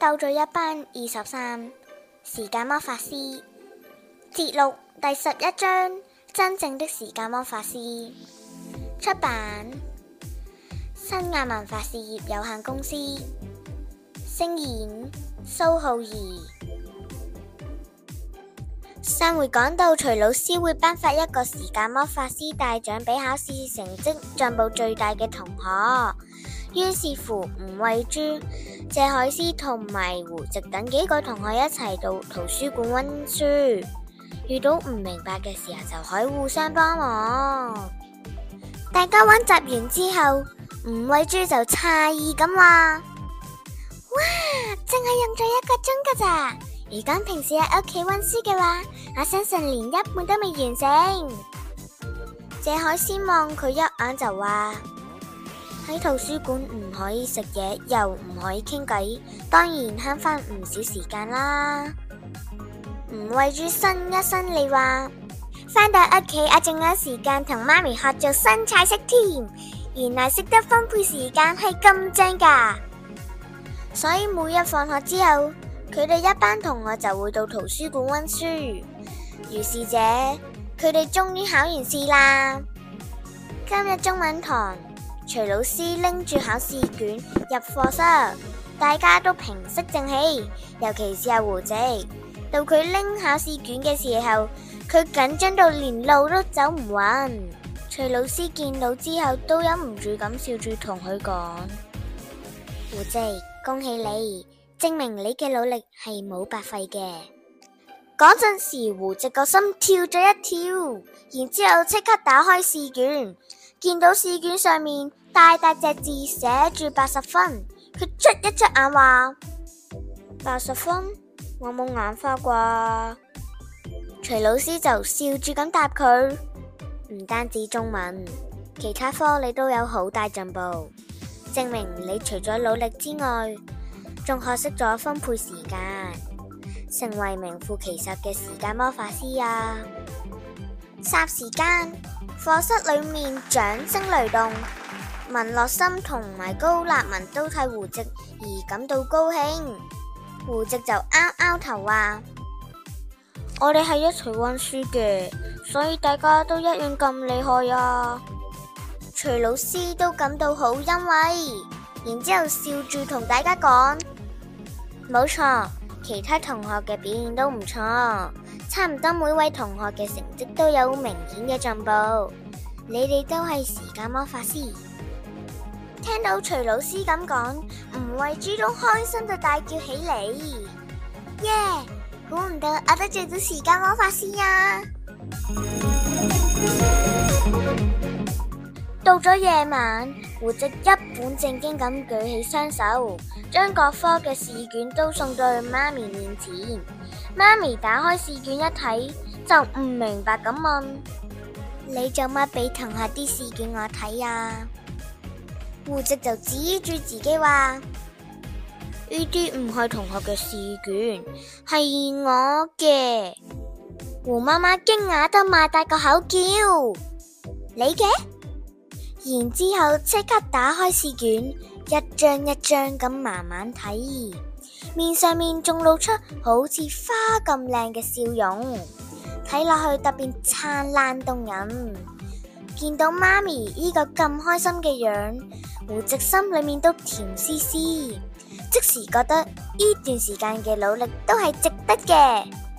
鬥嘴一班二十三時間魔法師，節錄第十一章真正的時間魔法師。出版：新亞文化事業有限公司。聲演：蘇皓皚。上回講到，徐老師會頒發一個時間魔法師大獎俾考試成績進步最大嘅同學。於是乎，吳慧珠、謝海詩同埋胡直等幾個同學一齊到圖書館溫書，遇到唔明白嘅時候就可以互相幫忙。大家溫習完之後，吳慧珠就詫異咁話：哇，淨係用咗一個鐘噶咋！如果平時喺屋企温書嘅話，我相信連一半都未完成。謝海先望佢一眼就話：喺圖書館唔可以食嘢，又唔可以傾偈，當然慳返唔少時間啦。唔為住新一新你話，返到屋企，阿靜有時間同媽咪學做新菜式添。原來識得分配時間係咁正噶，所以每日放學之後。佢哋一班同學就會到圖書館溫書。如是者，佢哋終於考完試啦。今日中文堂，徐老師拎住考試卷入課室，大家都平息靜氣。尤其是阿胡仔，到佢拎考試卷嘅時候，佢緊張到連路都走唔穩。徐老師見到之後都忍唔住咁笑住同佢講：胡仔，恭喜你！證明你嘅努力係冇白費嘅。嗰陣時，胡直個心跳咗一跳，然之後即刻打開試卷，見到試卷上面大大隻字寫住八十分，佢捽一捽眼話：八十分？我冇眼花啩。徐老師就笑住咁答佢：唔單止中文，其他科你都有好大進步，證明你除咗努力之外。仲學識咗分配時間，成為名副其實嘅時間魔法師啊！霎時間，課室裏面掌聲雷動，文樂心同埋高立文都替胡植而感到高興。胡植就拗拗頭話：「我哋係一齊溫書嘅，所以大家都一樣咁厲害啊！」徐老師都感到好欣慰，然之後笑住同大家講。冇錯，其他同學嘅表現都唔錯，差唔多每位同學嘅成績都有明顯嘅進步。你哋都係時間魔法師。聽到徐老師咁講，吳慧珠都開心到大叫起嚟，耶！估唔到我得做到時間魔法師啊！到咗夜晚，胡直一本正經咁舉起雙手，將各科嘅試卷都送到去媽咪面前。媽咪打開試卷一睇，就唔明白咁問：你做乜俾同學啲試卷我睇啊？胡直就指住自己話：呢啲唔係同學嘅試卷，係我嘅。胡媽媽驚訝得擘大個口叫：你嘅？然之後即刻打開試卷，一張一張咁慢慢睇，面上面仲露出好似花咁靚嘅笑容，睇落去特別燦爛動人。見到媽咪依個咁開心嘅樣，胡直心裏面都甜絲絲，即時覺得呢段時間嘅努力都係值得嘅。